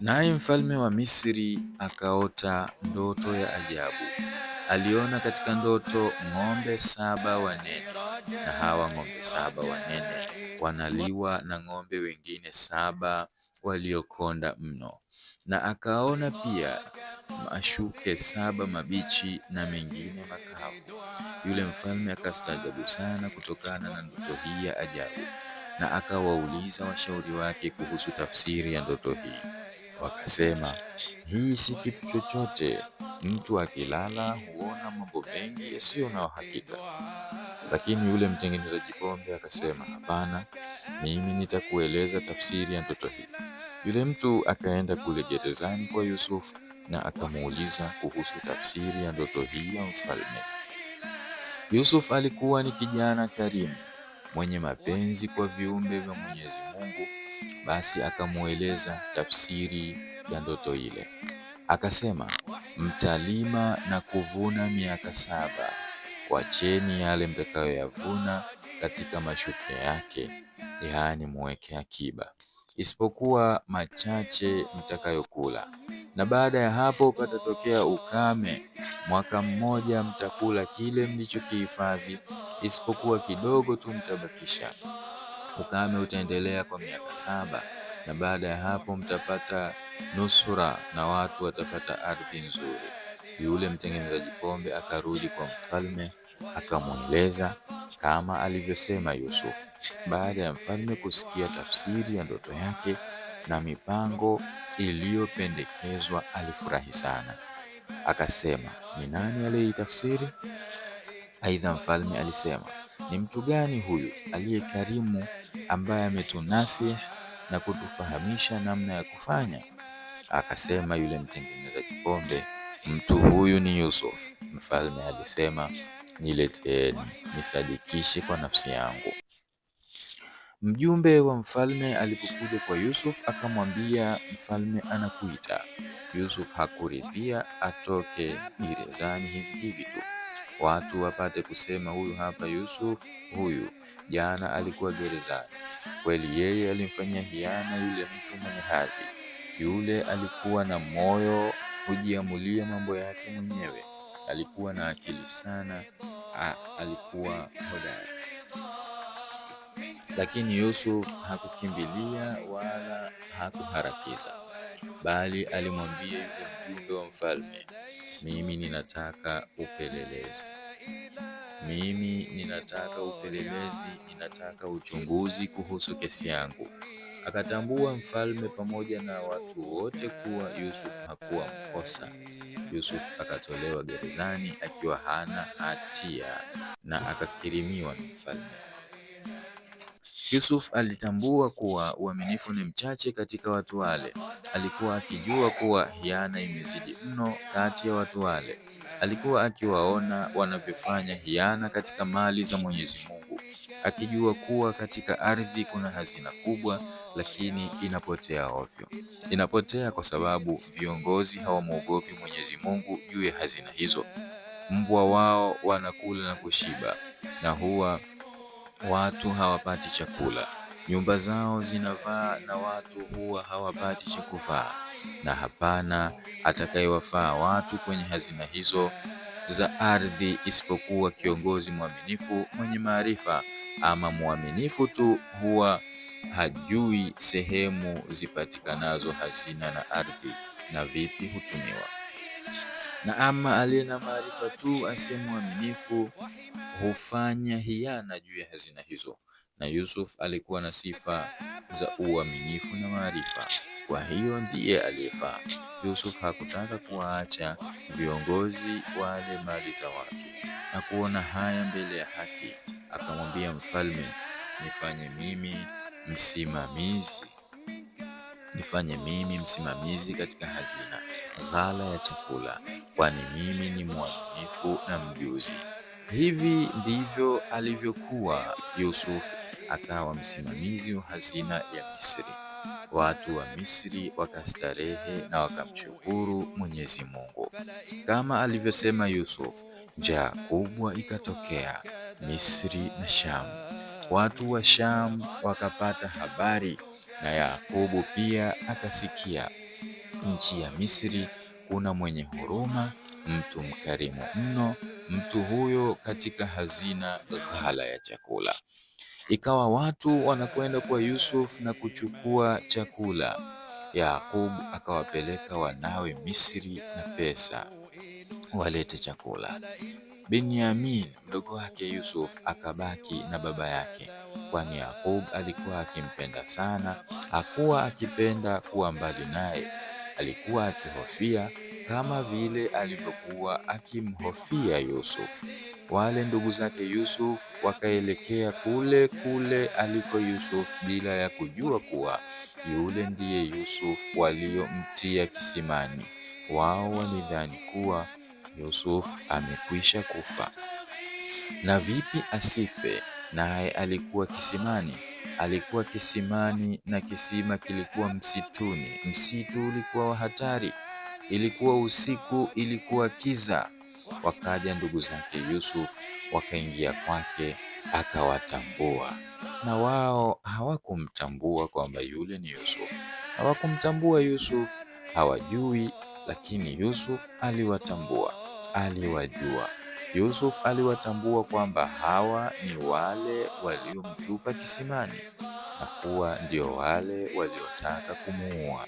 Naye mfalme wa Misri akaota ndoto ya ajabu. Aliona katika ndoto ng'ombe saba wanene, na hawa ng'ombe saba wanene wanaliwa na ng'ombe wengine saba waliokonda mno, na akaona pia mashuke saba mabichi na mengine makavu. Yule mfalme akastaajabu sana kutokana na ndoto hii ya ajabu, na akawauliza washauri wake kuhusu tafsiri ya ndoto hii. Wakasema hii si kitu chochote, mtu akilala huona mambo mengi yasiyo na uhakika. Lakini yule mtengenezaji pombe akasema, hapana, mimi nitakueleza tafsiri ya ndoto hii. Yule mtu akaenda kule gerezani kwa yusuf na akamuuliza kuhusu tafsiri ya ndoto hii ya mfalme. Yusuf alikuwa ni kijana karimu mwenye mapenzi kwa viumbe vya Mwenyezi Mungu basi akamweleza tafsiri ya ndoto ile, akasema mtalima na kuvuna miaka saba, wacheni yale mtakayoyavuna katika mashuke yake, yaani muweke akiba, isipokuwa machache mtakayokula. Na baada ya hapo patatokea ukame, mwaka mmoja mtakula kile mlichokihifadhi, isipokuwa kidogo tu mtabakisha. Ukame utaendelea kwa miaka saba na baada ya hapo mtapata nusura na watu watapata ardhi nzuri. Yule mtengenezaji pombe akarudi kwa mfalme akamweleza kama alivyosema yusuf Baada ya mfalme kusikia tafsiri ya ndoto yake na mipango iliyopendekezwa, alifurahi sana, akasema, ni nani aliyeitafsiri? Aidha, mfalme alisema, ni mtu gani huyu aliyekarimu ambaye ametunasi na kutufahamisha namna ya kufanya? Akasema yule mtengeneza kikombe, mtu huyu ni Yusuf. Mfalme alisema, nileteeni nisadikishe kwa nafsi yangu. Mjumbe wa mfalme alipokuja kwa Yusuf akamwambia, mfalme anakuita. Yusuf hakuridhia atoke gerezani hivi hivi tu watu wapate kusema huyu hapa Yusuf, huyu jana alikuwa gerezani, kweli yeye alimfanyia hiana yule mtu mwenye hadhi yule. Alikuwa na moyo hujiamulia mambo yake mwenyewe, alikuwa na akili sana, ha, alikuwa hodari. Lakini Yusuf hakukimbilia wala hakuharakiza, bali alimwambia yule mjumbe wa mfalme mimi ninataka upelelezi, mimi ninataka upelelezi, ninataka uchunguzi kuhusu kesi yangu. Akatambua mfalme pamoja na watu wote kuwa Yusuf hakuwa mkosa. Yusuf akatolewa gerezani akiwa hana hatia na akakirimiwa na mfalme. Yusuf alitambua kuwa uaminifu ni mchache katika watu wale. Alikuwa akijua kuwa hiana imezidi mno kati ya watu wale. Alikuwa akiwaona wanavyofanya hiana katika mali za Mwenyezi Mungu, akijua kuwa katika ardhi kuna hazina kubwa, lakini inapotea ovyo. Inapotea kwa sababu viongozi hawamwogopi Mwenyezi Mungu juu ya hazina hizo. Mbwa wao wanakula na kushiba na huwa Watu hawapati chakula, nyumba zao zinavaa na watu huwa hawapati cha kuvaa, na hapana atakayewafaa watu kwenye hazina hizo za ardhi isipokuwa kiongozi mwaminifu mwenye maarifa. Ama mwaminifu tu huwa hajui sehemu zipatikanazo hazina na ardhi na vipi hutumiwa. Na ama aliye na maarifa tu asiye mwaminifu hufanya hiana juu ya hazina hizo. Na Yusuf alikuwa na sifa za uaminifu na maarifa, kwa hiyo ndiye aliyefaa. Yusuf hakutaka kuwaacha viongozi wale mali za watu, na kuona haya mbele ya haki, akamwambia mfalme, nifanye mimi msimamizi nifanye mimi msimamizi katika hazina ghala ya chakula, kwani mimi ni mwaminifu na mjuzi. Hivi ndivyo alivyokuwa Yusuf, akawa msimamizi wa hazina ya Misri. Watu wa Misri wakastarehe na wakamshukuru Mwenyezi Mungu. Kama alivyosema Yusuf, njaa kubwa ikatokea Misri na Sham. Watu wa Sham wakapata habari na Yakobo pia akasikia nchi ya Misri kuna mwenye huruma, mtu mkarimu mno, mtu huyo katika hazina ghala ya chakula. Ikawa watu wanakwenda kwa Yusuf na kuchukua chakula. Yakobo akawapeleka wanawe Misri na pesa walete chakula. Binyamin mdogo wake Yusuf akabaki na baba yake, kwani Yakub alikuwa akimpenda sana, hakuwa akipenda kuwa mbali naye, alikuwa akihofia kama vile alivyokuwa akimhofia Yusuf. Wale ndugu zake Yusuf wakaelekea kule kule aliko Yusuf bila ya kujua kuwa yule ndiye Yusuf waliomtia kisimani. Wao walidhani kuwa Yusuf amekwisha kufa, na vipi asife? Naye alikuwa kisimani, alikuwa kisimani, na kisima kilikuwa msituni. Msitu ulikuwa wa hatari, ilikuwa usiku, ilikuwa kiza. Wakaja ndugu zake Yusuf, wakaingia kwake, akawatambua na wao hawakumtambua kwamba yule ni Yusuf. Hawakumtambua Yusuf, hawajui, lakini Yusuf aliwatambua aliwajua. Yusuf aliwatambua kwamba hawa ni wale waliomtupa kisimani na kuwa ndio wale waliotaka kumuua,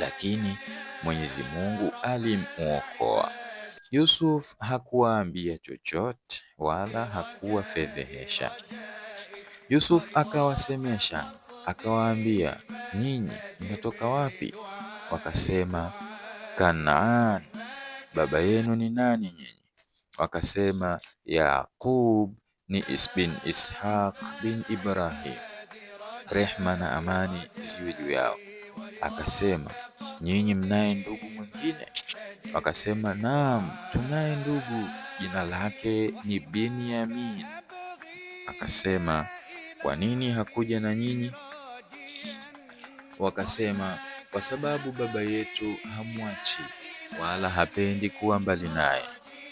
lakini Mwenyezi Mungu alimuokoa Yusuf hakuwaambia chochote wala hakuwafedhehesha. Yusuf akawasemesha, akawaambia, nyinyi mnatoka wapi? Wakasema Kanaan baba yenu ni nani nyinyi? Wakasema, Yaqub ni bin Ishaq bin Ibrahim, rehma na amani ziwe juu yao. Akasema, nyinyi mnaye ndugu mwingine? Wakasema, naam, tunaye ndugu jina lake ni Binyamin. Akasema, kwa nini hakuja na nyinyi? Wakasema, kwa sababu baba yetu hamwachi wala hapendi kuwa mbali naye.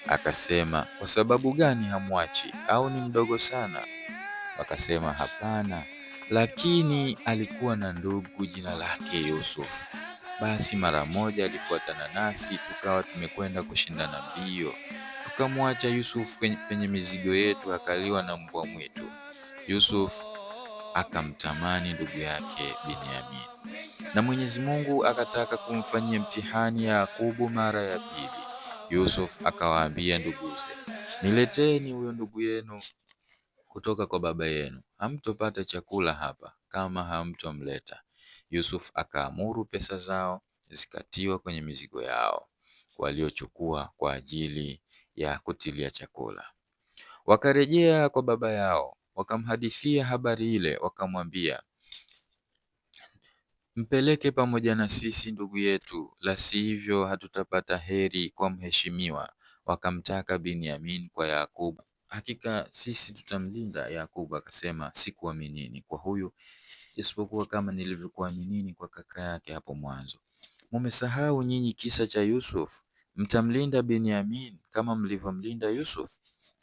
Akasema, kwa sababu gani hamwachi? Au ni mdogo sana? Wakasema, hapana, lakini alikuwa na ndugu jina lake yusuf Basi mara moja alifuatana nasi, tukawa tumekwenda kushindana mbio, tukamwacha yusuf penye mizigo yetu, akaliwa na mbwa mwitu. Yusuf akamtamani ndugu yake Benyamini, na Mwenyezi Mungu akataka kumfanyia mtihani Yakubu mara ya pili. Yusuf akawaambia nduguze, nileteni huyo ndugu yenu kutoka kwa baba yenu, hamtopata chakula hapa kama hamtomleta. Yusuf akaamuru pesa zao zikatiwa kwenye mizigo yao waliochukua kwa ajili ya kutilia chakula. Wakarejea kwa baba yao Wakamhadithia habari ile, wakamwambia mpeleke pamoja na sisi ndugu yetu, la sivyo hatutapata heri kwa mheshimiwa. Wakamtaka Binyamin kwa Yakub, hakika sisi tutamlinda. Yakub akasema sikuaminini kwa huyu, isipokuwa kama nilivyokuaminini kwa kaka yake hapo mwanzo. Mumesahau nyinyi kisa cha Yusuf, mtamlinda Binyamin kama mlivyomlinda Yusuf?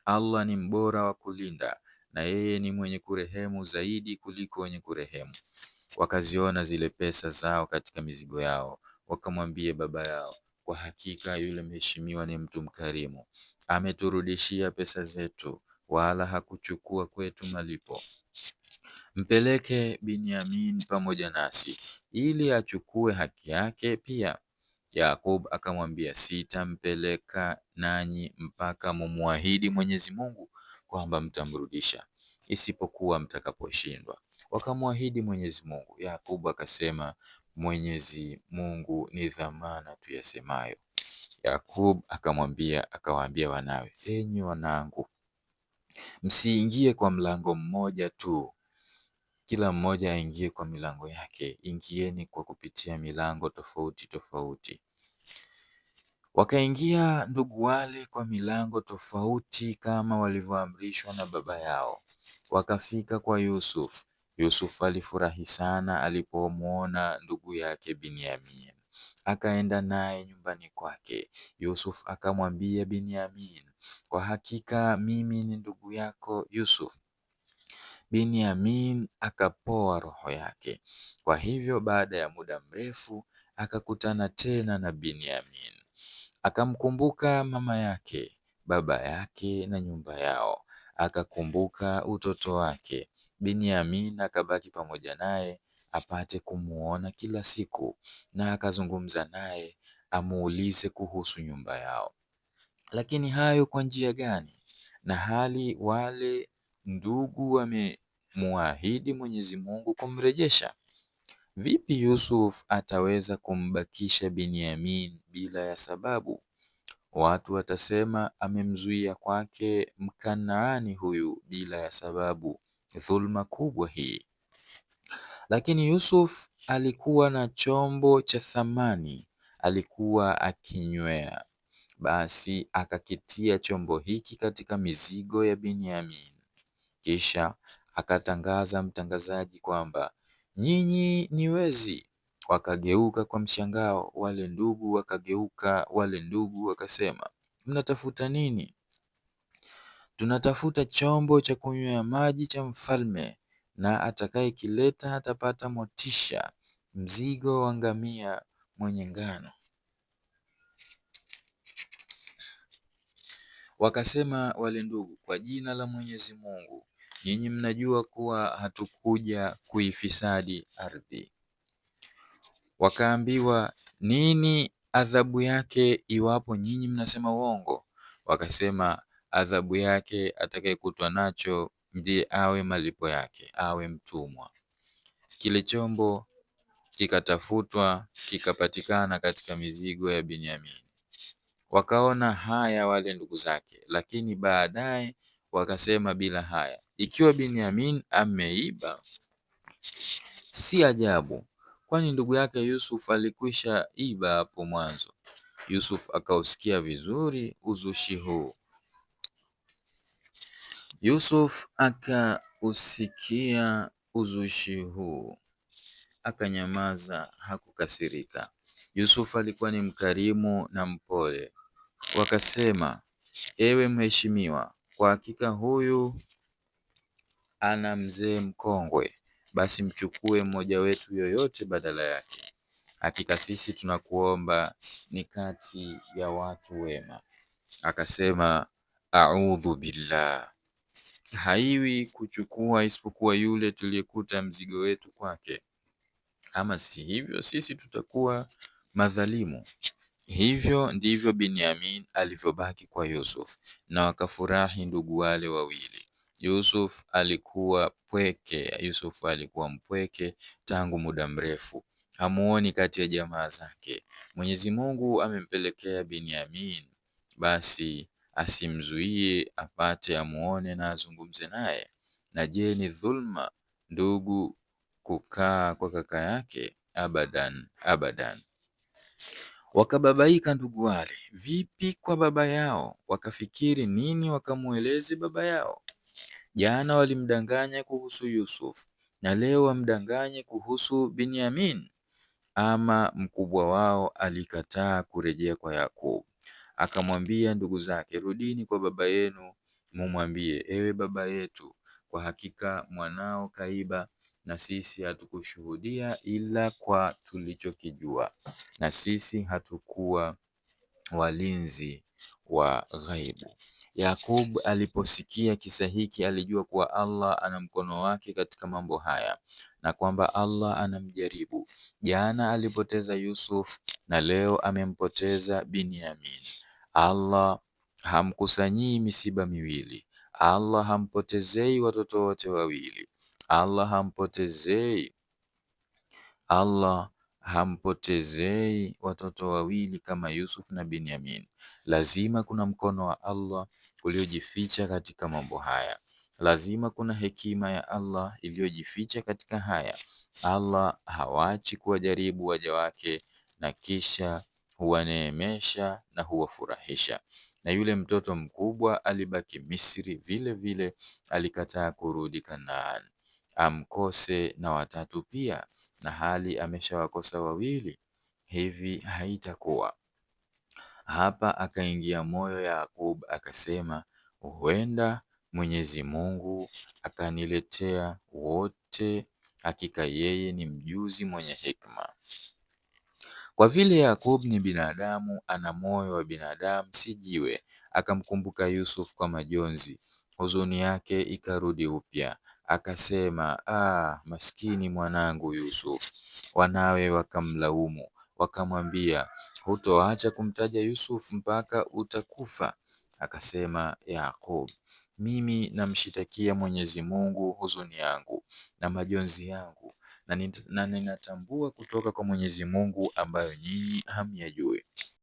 Allah ni mbora wa kulinda, na yeye ni mwenye kurehemu zaidi kuliko wenye kurehemu. Wakaziona zile pesa zao katika mizigo yao, wakamwambia baba yao, kwa hakika yule mheshimiwa ni mtu mkarimu, ameturudishia pesa zetu, wala hakuchukua kwetu malipo. Mpeleke Binyamin pamoja nasi ili achukue haki yake pia. Yakub akamwambia, sitampeleka nanyi mpaka mumwahidi Mwenyezi Mungu kwamba mtamrudisha isipokuwa mtakaposhindwa. Wakamwahidi Mwenyezi Mungu. Yakubu akasema, Mwenyezi Mungu ni dhamana tuyasemayo. Yakub akamwambia akawaambia wanawe, enyi wanangu, msiingie kwa mlango mmoja tu, kila mmoja aingie kwa milango yake. Ingieni kwa kupitia milango tofauti tofauti, Wakaingia ndugu wale kwa milango tofauti kama walivyoamrishwa na baba yao, wakafika kwa Yusuf. Yusuf alifurahi sana alipomuona ndugu yake Binyamin, akaenda naye nyumbani kwake. Yusuf akamwambia Binyamin, kwa hakika mimi ni ndugu yako Yusuf. Binyamin akapoa roho yake. Kwa hivyo baada ya muda mrefu akakutana tena na Binyamin. Akamkumbuka mama yake, baba yake na nyumba yao. Akakumbuka utoto wake. Binyamin akabaki pamoja naye apate kumuona kila siku na akazungumza naye amuulize kuhusu nyumba yao. Lakini hayo kwa njia gani? Na hali wale ndugu wamemwahidi Mwenyezi Mungu kumrejesha. Vipi Yusuf ataweza kumbakisha Binyamin bila ya sababu? Watu watasema amemzuia kwake Mkanaani huyu bila ya sababu, dhulma kubwa hii. Lakini Yusuf alikuwa na chombo cha thamani alikuwa akinywea, basi akakitia chombo hiki katika mizigo ya Binyamin, kisha akatangaza mtangazaji kwamba Nyinyi ni wezi!" Wakageuka kwa mshangao wale ndugu, wakageuka wale ndugu wakasema, "Mnatafuta nini?" "Tunatafuta chombo cha kunywea maji cha mfalme, na atakayekileta atapata motisha, mzigo wa ngamia mwenye ngano." Wakasema wale ndugu, "Kwa jina la Mwenyezi Mungu, nyinyi mnajua kuwa hatukuja kuifisadi ardhi. Wakaambiwa, nini adhabu yake iwapo nyinyi mnasema uongo? Wakasema, adhabu yake atakayekutwa nacho ndiye awe malipo yake, awe mtumwa. Kile chombo kikatafutwa kikapatikana katika mizigo ya binyamini Wakaona haya wale ndugu zake, lakini baadaye wakasema bila haya, ikiwa Binyamin ameiba, si ajabu kwani ndugu yake Yusuf alikwisha iba hapo mwanzo. Yusuf akausikia vizuri uzushi huu. Yusuf akausikia uzushi huu, akanyamaza, hakukasirika. Yusuf alikuwa ni mkarimu na mpole. Wakasema, ewe mheshimiwa, kwa hakika huyu ana mzee mkongwe basi mchukue mmoja wetu yoyote badala yake. Hakika sisi tunakuomba ni kati ya watu wema. Akasema, audhu billah, haiwi kuchukua isipokuwa yule tuliyekuta mzigo wetu kwake, ama si hivyo sisi tutakuwa madhalimu. Hivyo ndivyo Binyamin alivyobaki kwa Yusuf, na wakafurahi ndugu wale wawili. Yusuf alikuwa pweke, Yusuf alikuwa mpweke tangu muda mrefu, hamuoni kati ya jamaa zake. Mwenyezi Mungu amempelekea Binyamin, basi asimzuie apate, amuone na azungumze naye. Na je, ni dhulma ndugu kukaa kwa kaka yake? Abadan, abadan. Wakababaika ndugu wale, vipi kwa baba yao? Wakafikiri nini wakamweleze baba yao? Jana walimdanganya kuhusu Yusuf na leo wamdanganye kuhusu Binyamin. Ama mkubwa wao alikataa kurejea kwa Yakobo, akamwambia ndugu zake, rudini kwa baba yenu mumwambie, ewe baba yetu, kwa hakika mwanao kaiba na sisi hatukushuhudia ila kwa tulichokijua, na sisi hatukuwa walinzi wa ghaibu. Yaqubu aliposikia kisa hiki alijua kuwa Allah ana mkono wake katika mambo haya na kwamba Allah anamjaribu. Jana alipoteza Yusuf na leo amempoteza Binyamin. Allah hamkusanyii misiba miwili. Allah hampotezei watoto wote wawili. Allah hampotezei. Allah hampotezei watoto wawili kama Yusuf na Binyamin. Lazima kuna mkono wa Allah uliojificha katika mambo haya. Lazima kuna hekima ya Allah iliyojificha katika haya. Allah hawachi kuwajaribu waja wake na kisha huwaneemesha na huwafurahisha. Na yule mtoto mkubwa alibaki Misri, vile vile alikataa kurudi Kanaan amkose na watatu pia, na hali ameshawakosa wawili, hivi haitakuwa hapa. Akaingia moyo Yakub akasema, huenda Mwenyezi Mungu akaniletea wote, hakika yeye ni mjuzi mwenye hikma. Kwa vile Yakobo ni binadamu, ana moyo wa binadamu si jiwe, akamkumbuka yusuf kwa majonzi. Huzuni yake ikarudi upya, akasema, ah, maskini mwanangu yusuf Wanawe wakamlaumu, wakamwambia, hutoacha kumtaja yusuf mpaka utakufa. Akasema Yakobo mimi namshitakia Mwenyezi Mungu huzuni yangu na majonzi yangu na ninatambua kutoka kwa Mwenyezi Mungu ambayo nyinyi hamyajui.